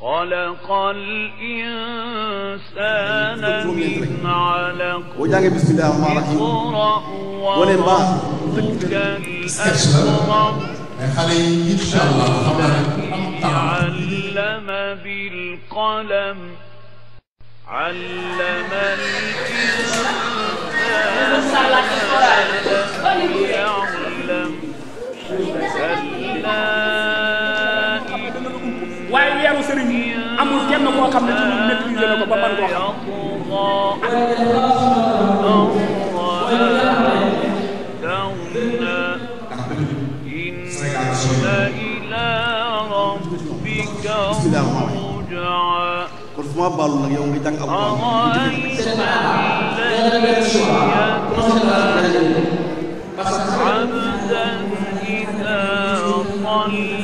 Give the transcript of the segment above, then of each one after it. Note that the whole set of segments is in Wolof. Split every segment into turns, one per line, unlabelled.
خلق الإنسان من علق بسم الله الرحمن الرحيم ولن با إن شاء الله علم بالقلم علم الإنسان ما لم يعلم كلا yaru sëriñ amul kenn koo xam ne ci ñun maîtriser na ko ba mën koo xam kon fu ma baalu nag yow nga jàng alquran parce que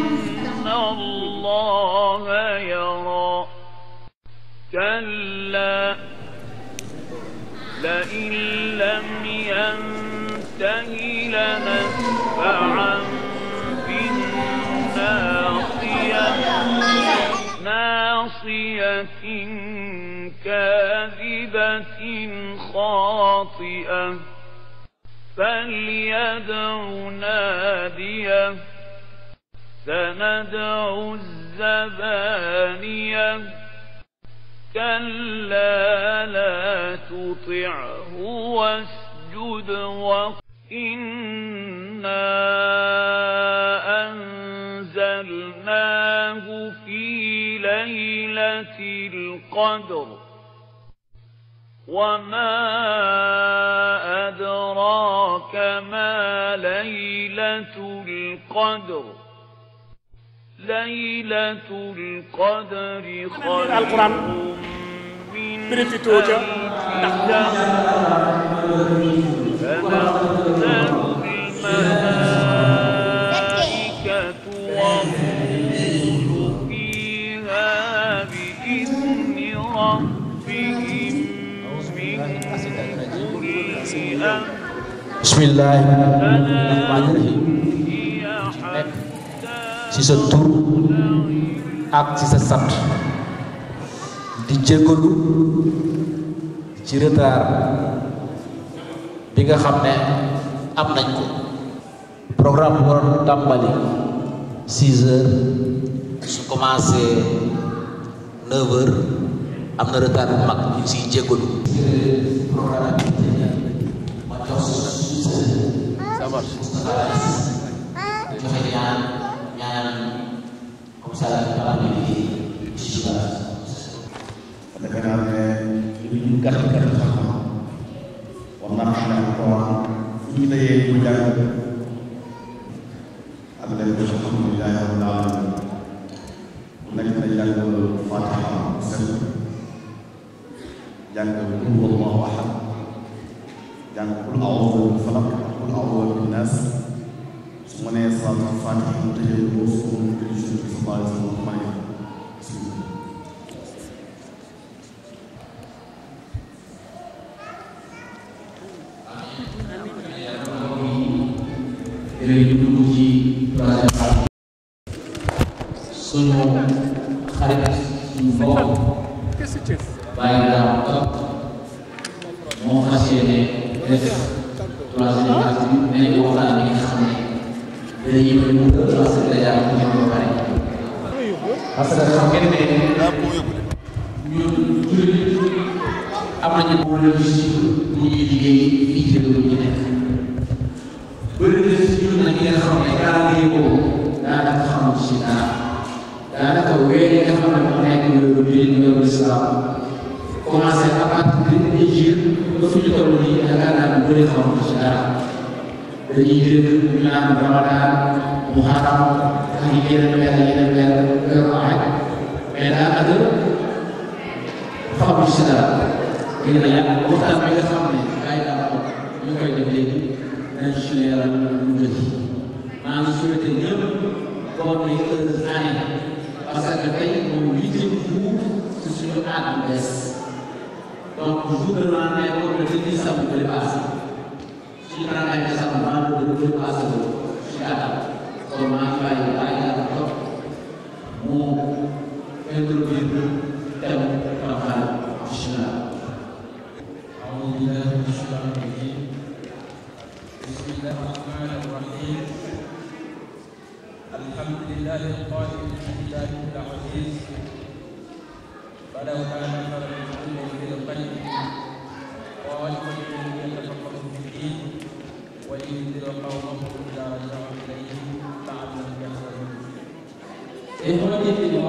تنته لنسفعا بالناصية ناصية كاذبة خاطئة فليدع ناديه سندع الزبانية كلا لا تطعه واسجد وقل إِنَّا أَنزَلْنَاهُ فِي لَيْلَةِ الْقَدْرِ وَمَا أَدْرَاكَ مَا لَيْلَةُ الْقَدْرِ لَيْلَةُ الْقَدْرِ خَيْرٌ من ألف شهر Bismillahirrahmanirrahim. Nekk ci
sa tur ak ci sa sant di jéggalu ci retard bi nga xam ne am nañ ko 6 su commencé 9 heures am retard bu mag ñu programme Bos. Itu yang yang komisaris kepala di
Sisi Lekarane ini gak gak sama. Warna sana
ini dia yang mudah. Ada yang alhamdulillah moo fas yéene def troisième partie bi nañ ko waxtaan bi nga xam ne dañuy mën mu parce que dèjà ñu ñëw ba pare parce que xam ngeen ne ñun jullit am nañu problème bu ñuy liggéey fii ci réew ñu nekk bëri na si ñun nag nga xam ne calendrier boobu daanaka xamul si dara daanaka weer yi nga xam ne moo nekk nga doon jullit nga doon islam commencé à partir de sujudul di dalam boleh kamu sekarang. Jadi hidup bulan Ramadan, Muharram, akhir bulan bulan Rabiul Bila ada kamu sekarang. Ini yang bukan milik kami. Kailah muka ini dan syariat menjadi. Mana surat ini? Kau berikan aneh. Pasal kita ini wujud sesuatu yang best. donc jour de l'année on le dit ça vous le passe si on a ça on va le le passe si là on va faire la taille là donc on introduit le thème par Krishna أعوذ بالله من الشيطان الرجيم بسم الله الرحمن الرحيم الحمد لله القائل بالله العزيز فلو كان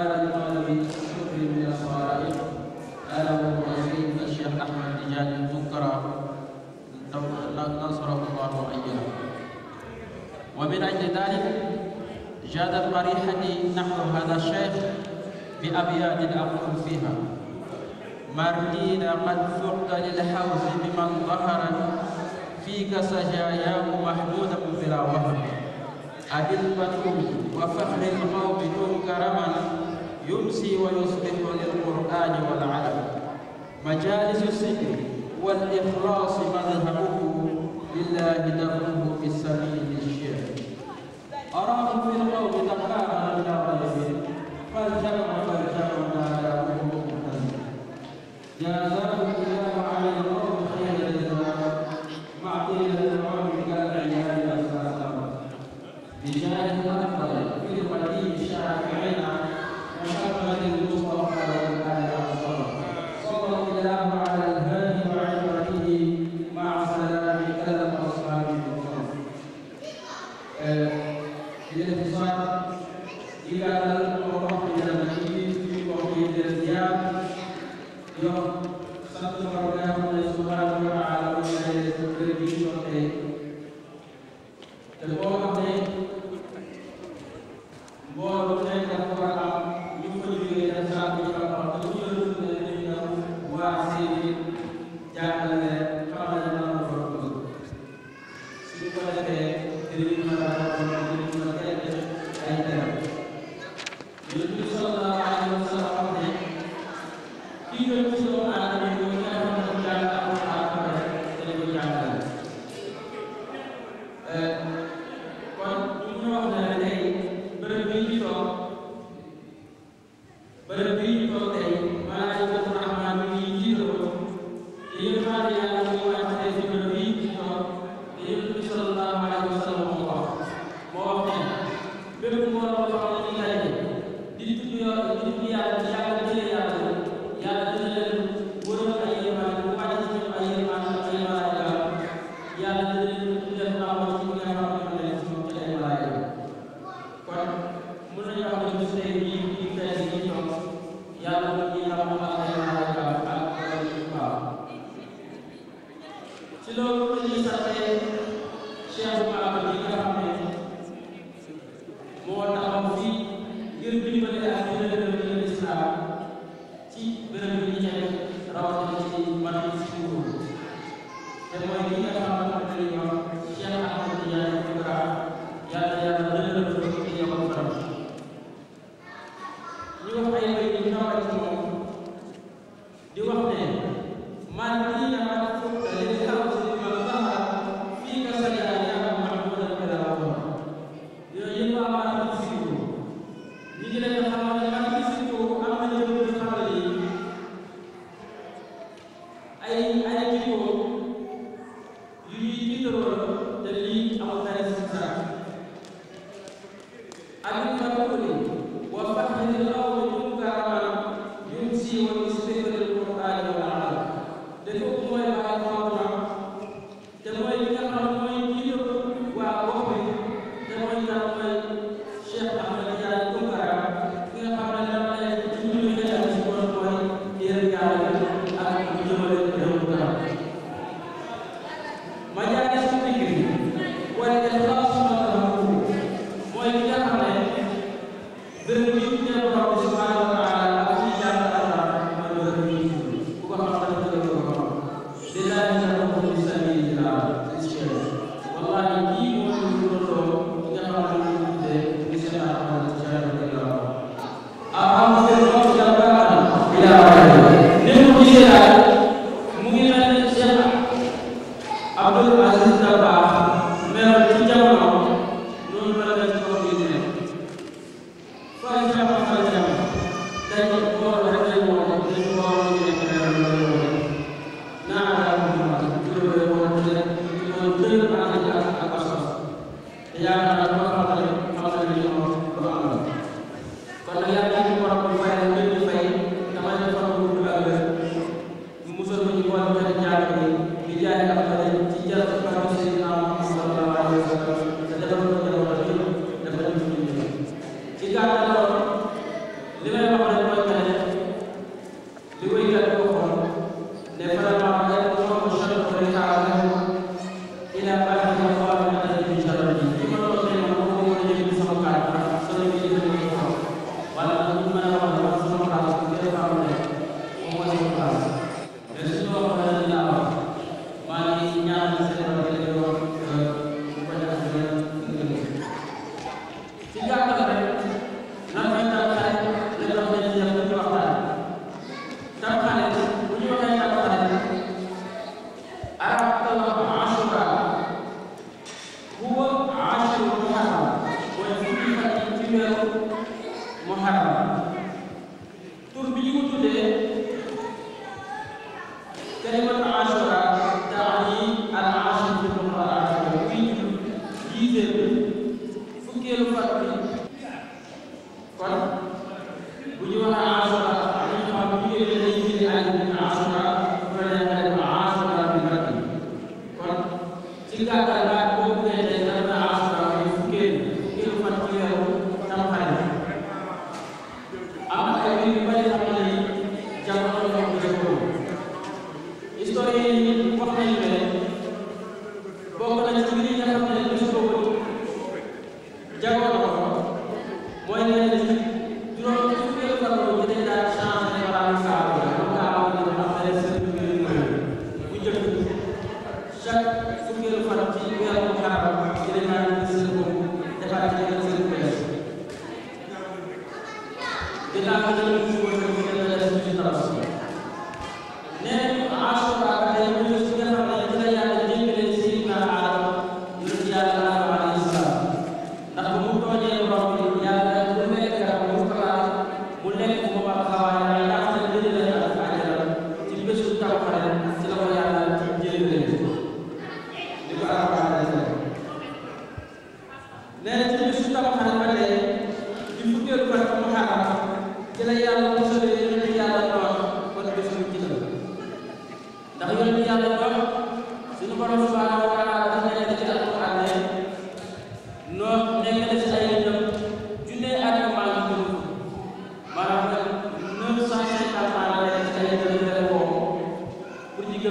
كان يقال احمد تجاني المنكر نصره الله واياه ومن اجل ذلك جادت قريحتي نحو هذا الشيخ بابيات اقول فيها مردينا قد فقت للحوز بمن ظهر فيك سجاياه محمودا بلا وهم أبي وفخر القوم كرما يمسي ويصبح للقرآن والعلم مجالس الذكر والإخلاص مذهبه لله دره Yeah. And dina baax meral ci jamono noonu la kembali jangan lupa Jokowi. Histori ini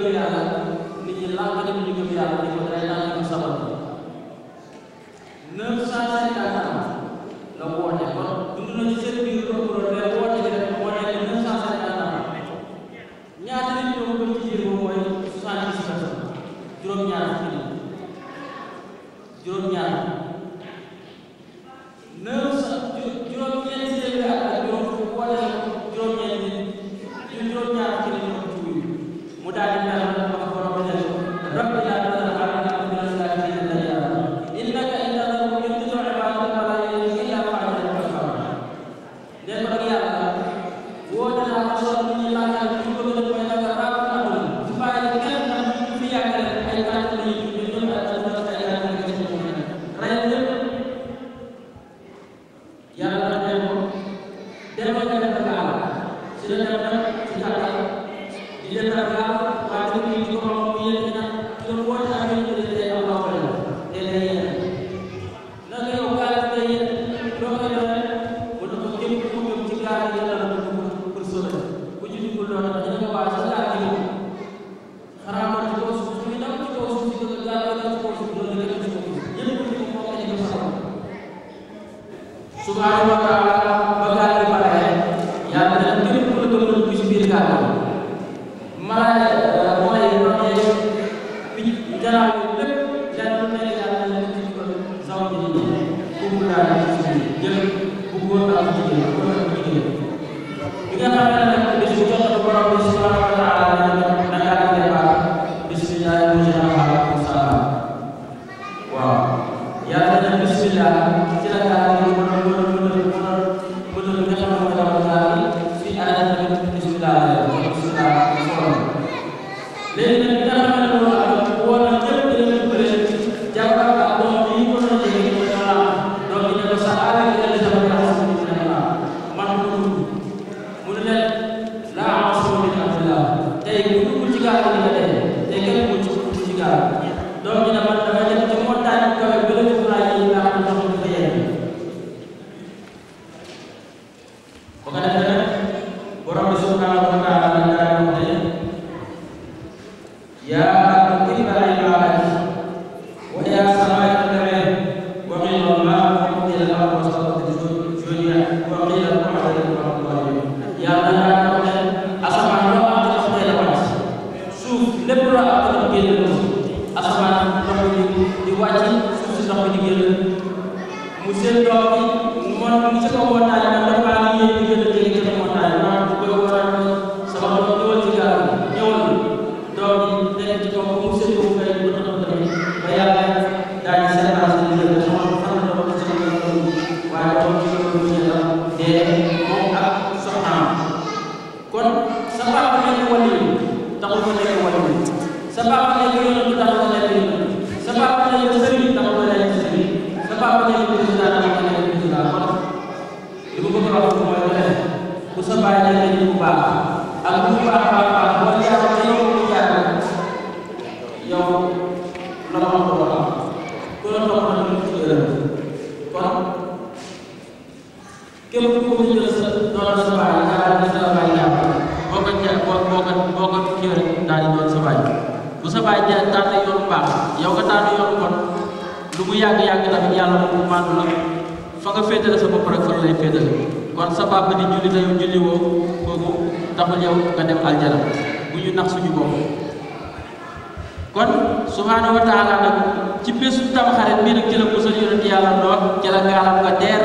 gembiraan menjelang menuju gembiraan di kota yang sangat Subhanahu wa ta'ala kiw rek daal di doon sa baay bu sa baay tànn yoon baax yow nga tànn yoon kon lu mu yàgg yàgg tamit yàlla moom la fa nga sa rek fa lay kon sa di julli tey julli woo kooku taxul yow nga dem aljana bu ñu nax suñu bopp kon subhanahu wa taala nag ci bésu tamxarit bii nag ci la musal yonent yàlla ndoon ci la gaalam nga teer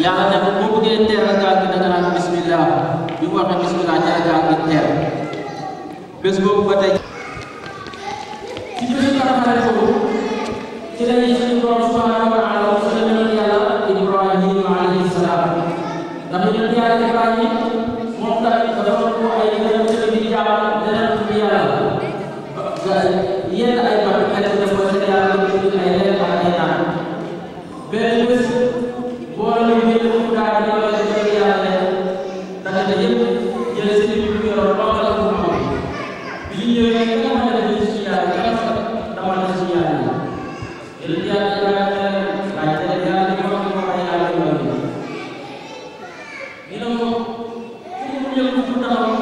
yàlla ne ko boo bëggee teer a gi da nga bismillah bi mu waxee bismillah ci la gi bés boobu ba tey. 你又不知道。